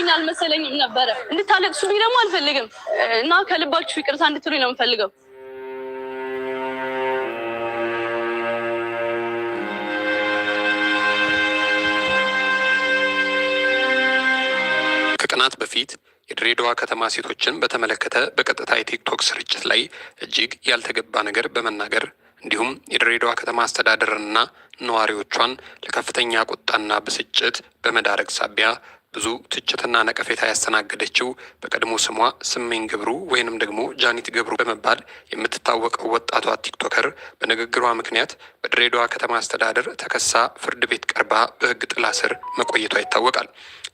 እንድታለቅሱብኝ አልመሰለኝም ነበረ። እንድታለቅሱብኝ ደግሞ አልፈልግም እና ከልባችሁ ይቅርታ እንድትሉኝ ነው የምፈልገው። ከቀናት በፊት የድሬዳዋ ከተማ ሴቶችን በተመለከተ በቀጥታ የቲክቶክ ስርጭት ላይ እጅግ ያልተገባ ነገር በመናገር እንዲሁም የድሬዳዋ ከተማ አስተዳደርና ነዋሪዎቿን ለከፍተኛ ቁጣና ብስጭት በመዳረግ ሳቢያ ብዙ ትችትና ነቀፌታ ያስተናገደችው በቀድሞ ስሟ ስሜኝ ገብሩ ወይንም ደግሞ ጃኒት ገብሩ በመባል የምትታወቀው ወጣቷ ቲክቶከር በንግግሯ ምክንያት በድሬዳዋ ከተማ አስተዳደር ተከሳ ፍርድ ቤት ቀርባ በህግ ጥላ ስር መቆየቷ ይታወቃል።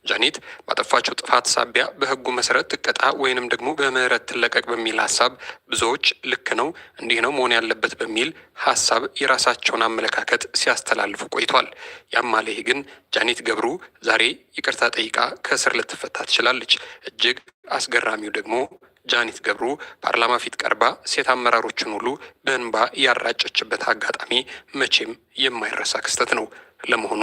ጃኒት ባጠፋቸው ጥፋት ሳቢያ በህጉ መሰረት ትቀጣ ወይንም ደግሞ በምህረት ትለቀቅ በሚል ሀሳብ ብዙዎች ልክ ነው እንዲህ ነው መሆን ያለበት በሚል ሀሳብ የራሳቸውን አመለካከት ሲያስተላልፉ ቆይቷል። ያማሌ ግን ጃኒት ገብሩ ዛሬ ይቅርታ ጠይቃ ከእስር ልትፈታ ትችላለች። እጅግ አስገራሚው ደግሞ ጃኒት ገብሩ ፓርላማ ፊት ቀርባ ሴት አመራሮችን ሁሉ በእንባ ያራጨችበት አጋጣሚ መቼም የማይረሳ ክስተት ነው። ለመሆኑ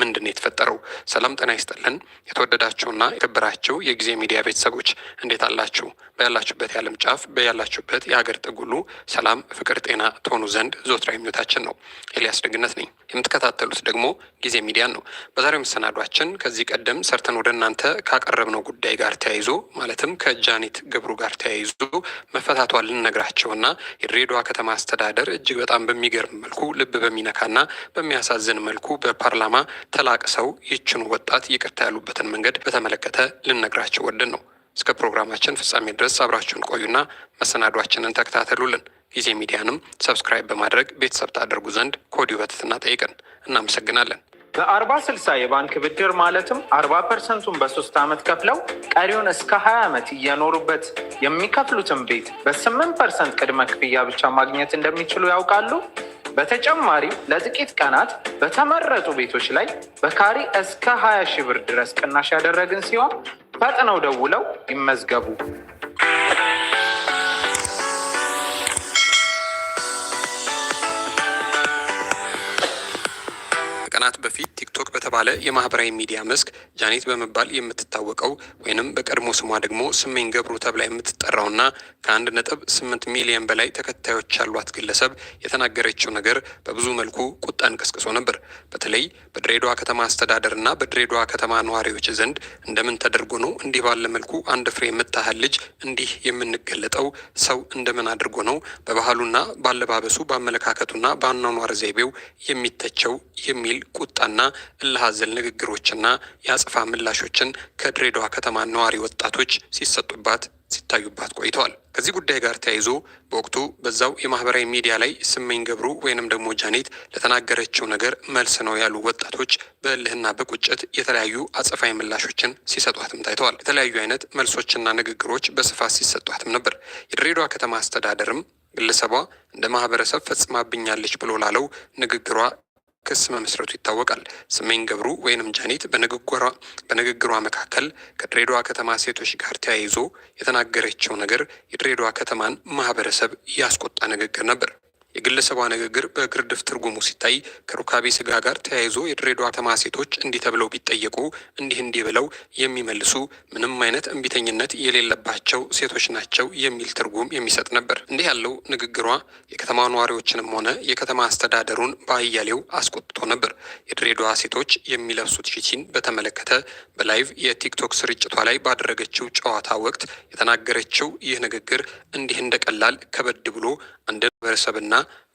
ምንድን ነው የተፈጠረው? ሰላም ጤና ይስጥልን። የተወደዳችሁና የከበራችሁ የጊዜ ሚዲያ ቤተሰቦች እንዴት አላችሁ? በያላችሁበት የዓለም ጫፍ በያላችሁበት የሀገር ጥጉሉ ሰላም፣ ፍቅር፣ ጤና ትሆኑ ዘንድ ዞትራ ምኞታችን ነው። ኤልያስ ደግነት ነኝ። የምትከታተሉት ደግሞ ጊዜ ሚዲያን ነው። በዛሬው መሰናዷችን ከዚህ ቀደም ሰርተን ወደ እናንተ ካቀረብነው ጉዳይ ጋር ተያይዞ ማለትም ከጃኒት ገብሩ ጋር ተያይዞ መፈታቷ ልንነግራቸውና የድሬዳዋ ከተማ አስተዳደር እጅግ በጣም በሚገርም መልኩ ልብ በሚነካና በሚያሳዝን መልኩ በፓርላማ ተላቅሰው ይችን ወጣት ይቅርታ ያሉበትን መንገድ በተመለከተ ልነግራቸው ወደን ነው። እስከ ፕሮግራማችን ፍጻሜ ድረስ አብራችሁን ቆዩና መሰናዷችንን ተከታተሉልን። ጊዜ ሚዲያንም ሰብስክራይብ በማድረግ ቤተሰብ ታደርጉ ዘንድ ኮዲ በትትና ጠይቅን። እናመሰግናለን። በአርባ ስልሳ የባንክ ብድር ማለትም አርባ ፐርሰንቱን በሶስት ዓመት ከፍለው ቀሪውን እስከ ሀያ ዓመት እየኖሩበት የሚከፍሉትን ቤት በስምንት ፐርሰንት ቅድመ ክፍያ ብቻ ማግኘት እንደሚችሉ ያውቃሉ? በተጨማሪም ለጥቂት ቀናት በተመረጡ ቤቶች ላይ በካሪ እስከ ሀያ ሺህ ብር ድረስ ቅናሽ ያደረግን ሲሆን ፈጥነው ደውለው ይመዝገቡ። ቀናት በፊት በተባለ የማህበራዊ ሚዲያ መስክ ጃኔት በመባል የምትታወቀው ወይንም በቀድሞ ስሟ ደግሞ ስመኝ ገብሩ ተብላ የምትጠራውና ከአንድ ነጥብ ስምንት ሚሊየን በላይ ተከታዮች ያሏት ግለሰብ የተናገረችው ነገር በብዙ መልኩ ቁጣን ቀስቅሶ ነበር። በተለይ በድሬዳዋ ከተማ አስተዳደርና በድሬዳዋ ከተማ ነዋሪዎች ዘንድ እንደምን ተደርጎ ነው እንዲህ ባለ መልኩ አንድ ፍሬ የምታህል ልጅ እንዲህ የምንገለጠው? ሰው እንደምን አድርጎ ነው በባህሉና ባለባበሱ፣ በአመለካከቱና በአኗኗር ዘይቤው የሚተቸው? የሚል ቁጣና እልህ አዘል ንግግሮችና የአጽፋ ምላሾችን ከድሬዳዋ ከተማ ነዋሪ ወጣቶች ሲሰጡባት ሲታዩባት ቆይተዋል። ከዚህ ጉዳይ ጋር ተያይዞ በወቅቱ በዛው የማህበራዊ ሚዲያ ላይ ስመኝ ገብሩ ወይንም ደግሞ ጃኔት ለተናገረችው ነገር መልስ ነው ያሉ ወጣቶች በእልህና በቁጭት የተለያዩ አጸፋዊ ምላሾችን ሲሰጧትም ታይተዋል። የተለያዩ አይነት መልሶችና ንግግሮች በስፋት ሲሰጧትም ነበር። የድሬዳዋ ከተማ አስተዳደርም ግለሰቧ እንደ ማህበረሰብ ፈጽማብኛለች ብሎ ላለው ንግግሯ ክስ መመስረቱ ይታወቃል። ስመኝ ገብሩ ወይንም ጃኒት በንግግሯ መካከል ከድሬዳዋ ከተማ ሴቶች ጋር ተያይዞ የተናገረችው ነገር የድሬዳዋ ከተማን ማህበረሰብ ያስቆጣ ንግግር ነበር። የግለሰቧ ንግግር በግርድፍ ትርጉሙ ሲታይ ከሩካቤ ስጋ ጋር ተያይዞ የድሬዳዋ ከተማ ሴቶች እንዲህ ተብለው ቢጠየቁ እንዲህ እንዲህ ብለው የሚመልሱ ምንም አይነት እምቢተኝነት የሌለባቸው ሴቶች ናቸው የሚል ትርጉም የሚሰጥ ነበር። እንዲህ ያለው ንግግሯ የከተማ ነዋሪዎችንም ሆነ የከተማ አስተዳደሩን በአያሌው አስቆጥቶ ነበር። የድሬዳዋ ሴቶች የሚለብሱት ሽቲን በተመለከተ በላይቭ የቲክቶክ ስርጭቷ ላይ ባደረገችው ጨዋታ ወቅት የተናገረችው ይህ ንግግር እንዲህ እንደቀላል ከበድ ብሎ እንደ ማህበረሰብና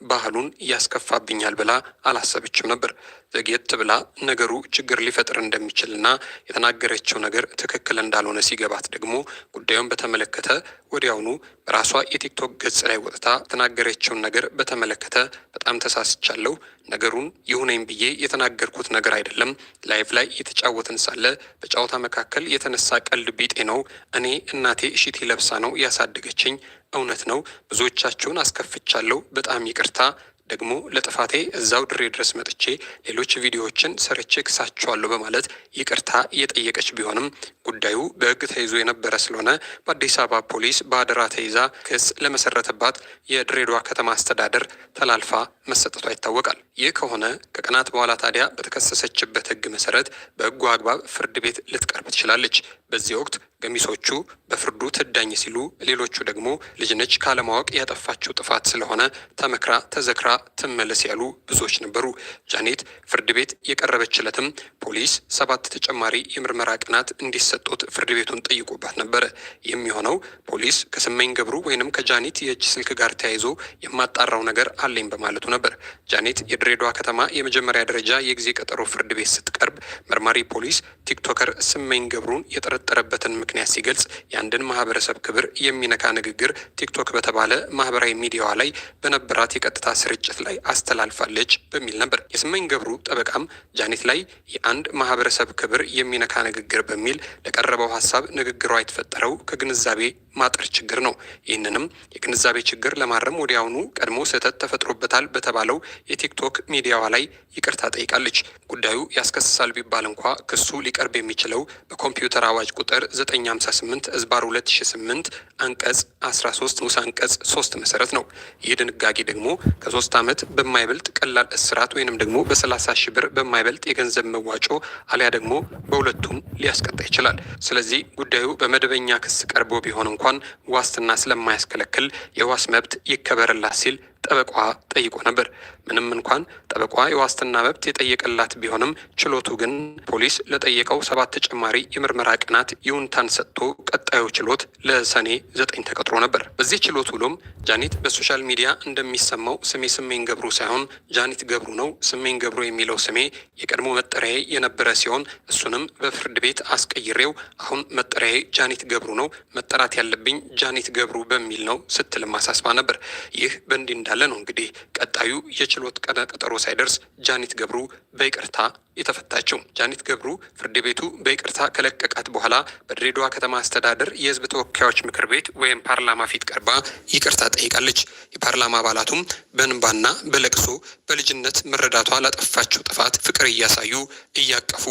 ባህሉን ያስከፋብኛል ብላ አላሰበችም ነበር። ዘግየት ብላ ነገሩ ችግር ሊፈጥር እንደሚችልና የተናገረችው ነገር ትክክል እንዳልሆነ ሲገባት ደግሞ ጉዳዩን በተመለከተ ወዲያውኑ በራሷ የቲክቶክ ገጽ ላይ ወጥታ የተናገረችውን ነገር በተመለከተ በጣም ተሳስቻለሁ፣ ነገሩን ይሁነኝ ብዬ የተናገርኩት ነገር አይደለም። ላይፍ ላይ የተጫወትን ሳለ በጨዋታ መካከል የተነሳ ቀልድ ቢጤ ነው። እኔ እናቴ እሺቲ ለብሳ ነው ያሳደገችኝ። እውነት ነው ብዙዎቻችሁን አስከፍቻለሁ። በጣም ይቅር ይቅርታ ደግሞ ለጥፋቴ እዛው ድሬ ድረስ መጥቼ ሌሎች ቪዲዮዎችን ሰርቼ ክሳቸዋለሁ በማለት ይቅርታ እየጠየቀች ቢሆንም ጉዳዩ በሕግ ተይዞ የነበረ ስለሆነ በአዲስ አበባ ፖሊስ በአደራ ተይዛ ክስ ለመሰረተባት የድሬዳዋ ከተማ አስተዳደር ተላልፋ መሰጠቷ ይታወቃል። ይህ ከሆነ ከቀናት በኋላ ታዲያ በተከሰሰችበት ሕግ መሰረት በሕጉ አግባብ ፍርድ ቤት ልትቀርብ ትችላለች። በዚህ ወቅት ገሚሶቹ በፍርዱ ትዳኝ ሲሉ፣ ሌሎቹ ደግሞ ልጅነች ካለማወቅ ያጠፋችው ጥፋት ስለሆነ ተመክራ ተዘክራ ትመለስ ያሉ ብዙዎች ነበሩ። ጃኔት ፍርድ ቤት የቀረበችለትም ፖሊስ ሰባት ተጨማሪ የምርመራ ቀናት እንዲሰጡት ፍርድ ቤቱን ጠይቆባት ነበር የሚሆነው ፖሊስ ከስመኝ ገብሩ ወይንም ከጃኔት የእጅ ስልክ ጋር ተያይዞ የማጣራው ነገር አለኝ በማለቱ ነበር። ጃኔት የድሬዳዋ ከተማ የመጀመሪያ ደረጃ የጊዜ ቀጠሮ ፍርድ ቤት ስትቀርብ መርማሪ ፖሊስ ቲክቶከር ስመኝ ገብሩን የጠረ የተፈጠረበትን ምክንያት ሲገልጽ የአንድን ማህበረሰብ ክብር የሚነካ ንግግር ቲክቶክ በተባለ ማህበራዊ ሚዲያዋ ላይ በነበራት የቀጥታ ስርጭት ላይ አስተላልፋለች በሚል ነበር። የስመኝ ገብሩ ጠበቃም ጃኔት ላይ የአንድ ማህበረሰብ ክብር የሚነካ ንግግር በሚል ለቀረበው ሀሳብ ንግግሯ የተፈጠረው ከግንዛቤ ማጠር ችግር ነው። ይህንንም የግንዛቤ ችግር ለማረም ወዲያውኑ ቀድሞ ስህተት ተፈጥሮበታል በተባለው የቲክቶክ ሚዲያዋ ላይ ይቅርታ ጠይቃለች። ጉዳዩ ያስከስሳል ቢባል እንኳ ክሱ ሊቀርብ የሚችለው በኮምፒውተር አዋጅ አዋጅ ቁጥር 958 እዝባር 2008 አንቀጽ 13 ንዑስ አንቀጽ 3 መሰረት ነው። ይህ ድንጋጌ ደግሞ ከሶስት ዓመት በማይበልጥ ቀላል እስራት ወይንም ደግሞ በ30 ሺህ ብር በማይበልጥ የገንዘብ መዋጮ አሊያ ደግሞ በሁለቱም ሊያስቀጣ ይችላል። ስለዚህ ጉዳዩ በመደበኛ ክስ ቀርቦ ቢሆን እንኳን ዋስትና ስለማያስከለክል የዋስ መብት ይከበርላት ሲል ጠበቋ ጠይቆ ነበር። ምንም እንኳን ጠበቋ የዋስትና መብት የጠየቀላት ቢሆንም ችሎቱ ግን ፖሊስ ለጠየቀው ሰባት ተጨማሪ የምርመራ ቀናት ይሁንታን ሰጥቶ ቀጣዩ ችሎት ለሰኔ ዘጠኝ ተቀጥሮ ነበር። በዚህ ችሎት ውሎም ጃኒት በሶሻል ሚዲያ እንደሚሰማው ስሜ ስሜን ገብሩ ሳይሆን ጃኒት ገብሩ ነው። ስሜን ገብሩ የሚለው ስሜ የቀድሞ መጠሪያዬ የነበረ ሲሆን እሱንም በፍርድ ቤት አስቀይሬው አሁን መጠሪያዬ ጃኒት ገብሩ ነው፣ መጠራት ያለብኝ ጃኒት ገብሩ በሚል ነው ስትልም አሳስባ ነበር። ይህ በእንዲህ እንዳለ እያለ ነው እንግዲህ ቀጣዩ የችሎት ቀነ ቀጠሮ ሳይደርስ ጃኒት ገብሩ በይቅርታ የተፈታችው። ጃኒት ገብሩ ፍርድ ቤቱ በይቅርታ ከለቀቃት በኋላ በድሬዳዋ ከተማ አስተዳደር የህዝብ ተወካዮች ምክር ቤት ወይም ፓርላማ ፊት ቀርባ ይቅርታ ጠይቃለች። የፓርላማ አባላቱም በእንባና በለቅሶ በልጅነት መረዳቷ ላጠፋቸው ጥፋት ፍቅር እያሳዩ እያቀፉ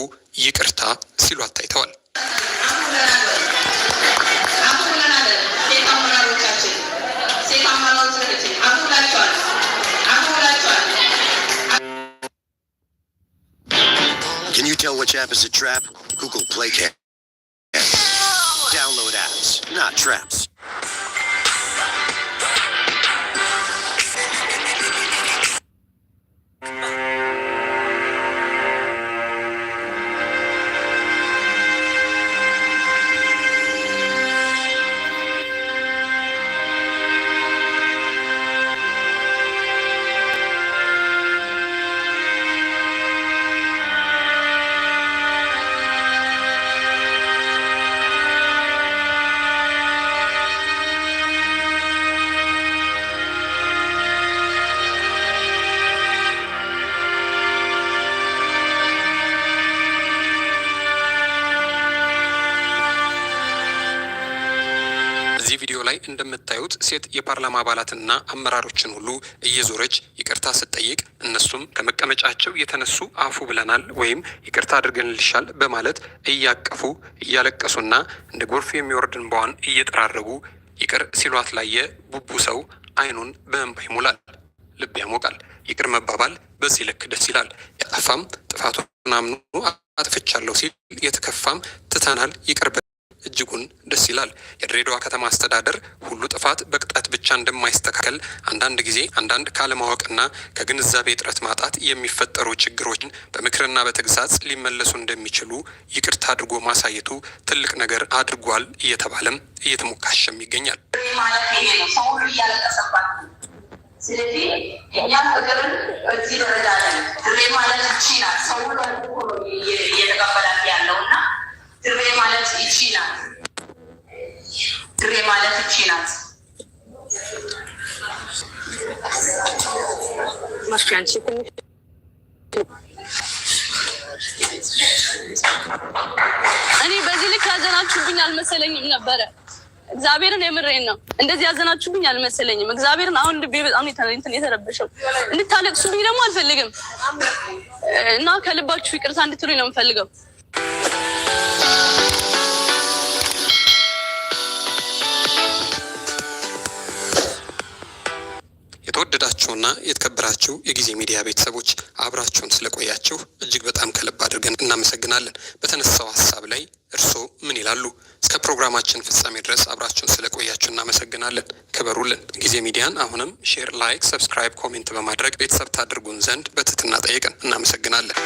ይቅርታ ሲሉ አታይተዋል። tell which app is a trap? Google Play Cat. Download apps, not traps. ላይ እንደምታዩት ሴት የፓርላማ አባላትና አመራሮችን ሁሉ እየዞረች ይቅርታ ስትጠይቅ እነሱም ከመቀመጫቸው የተነሱ አፉ ብለናል ወይም ይቅርታ አድርገንልሻል በማለት እያቀፉ እያለቀሱና እንደ ጎርፍ የሚወርድን በዋን እየጠራረጉ ይቅር ሲሏት ላየ ቡቡ ሰው አይኑን በእንባ ይሞላል፣ ልብ ያሞቃል። ይቅር መባባል በዚህ ልክ ደስ ይላል። ያጠፋም ጥፋቱን አምኖ አጥፍቻለሁ ሲል የተከፋም ትተናል ይቅር እጅጉን ደስ ይላል። የድሬዳዋ ከተማ አስተዳደር ሁሉ ጥፋት በቅጣት ብቻ እንደማይስተካከል አንዳንድ ጊዜ አንዳንድ ካለማወቅና ከግንዛቤ እጥረት ማጣት የሚፈጠሩ ችግሮችን በምክርና በተግሳጽ ሊመለሱ እንደሚችሉ ይቅርታ አድርጎ ማሳየቱ ትልቅ ነገር አድርጓል እየተባለም እየተሞካሸም ይገኛል። ስለዚህ እኛም እግርን በዚህ ደረጃ ላይ ድሬ ማለት ናት ሰው ድሬ ማለት ይቺ ናት። ድሬ ማለት ይቺ ናት። እኔ በዚህ ልክ ያዘናችሁብኝ አልመሰለኝም ነበረ። እግዚአብሔርን የምሬን ነው። እንደዚህ ያዘናችሁብኝ አልመሰለኝም። እግዚአብሔርን አሁን ልቤ በጣም እንትን የተረበሸው እንድታለቅሱብኝ ደግሞ አልፈልግም እና ከልባችሁ ይቅርታ እንድትሉኝ ነው የምፈልገው። የተወደዳችሁና የተከበራችሁ የጊዜ ሚዲያ ቤተሰቦች አብራችሁን ስለቆያችሁ እጅግ በጣም ከልብ አድርገን እናመሰግናለን። በተነሳው ሀሳብ ላይ እርስዎ ምን ይላሉ? እስከ ፕሮግራማችን ፍጻሜ ድረስ አብራችሁን ስለቆያችሁ እናመሰግናለን። ክበሩልን። ጊዜ ሚዲያን አሁንም ሼር፣ ላይክ፣ ሰብስክራይብ፣ ኮሜንት በማድረግ ቤተሰብ ታድርጉን ዘንድ በትህትና ጠይቀን እናመሰግናለን።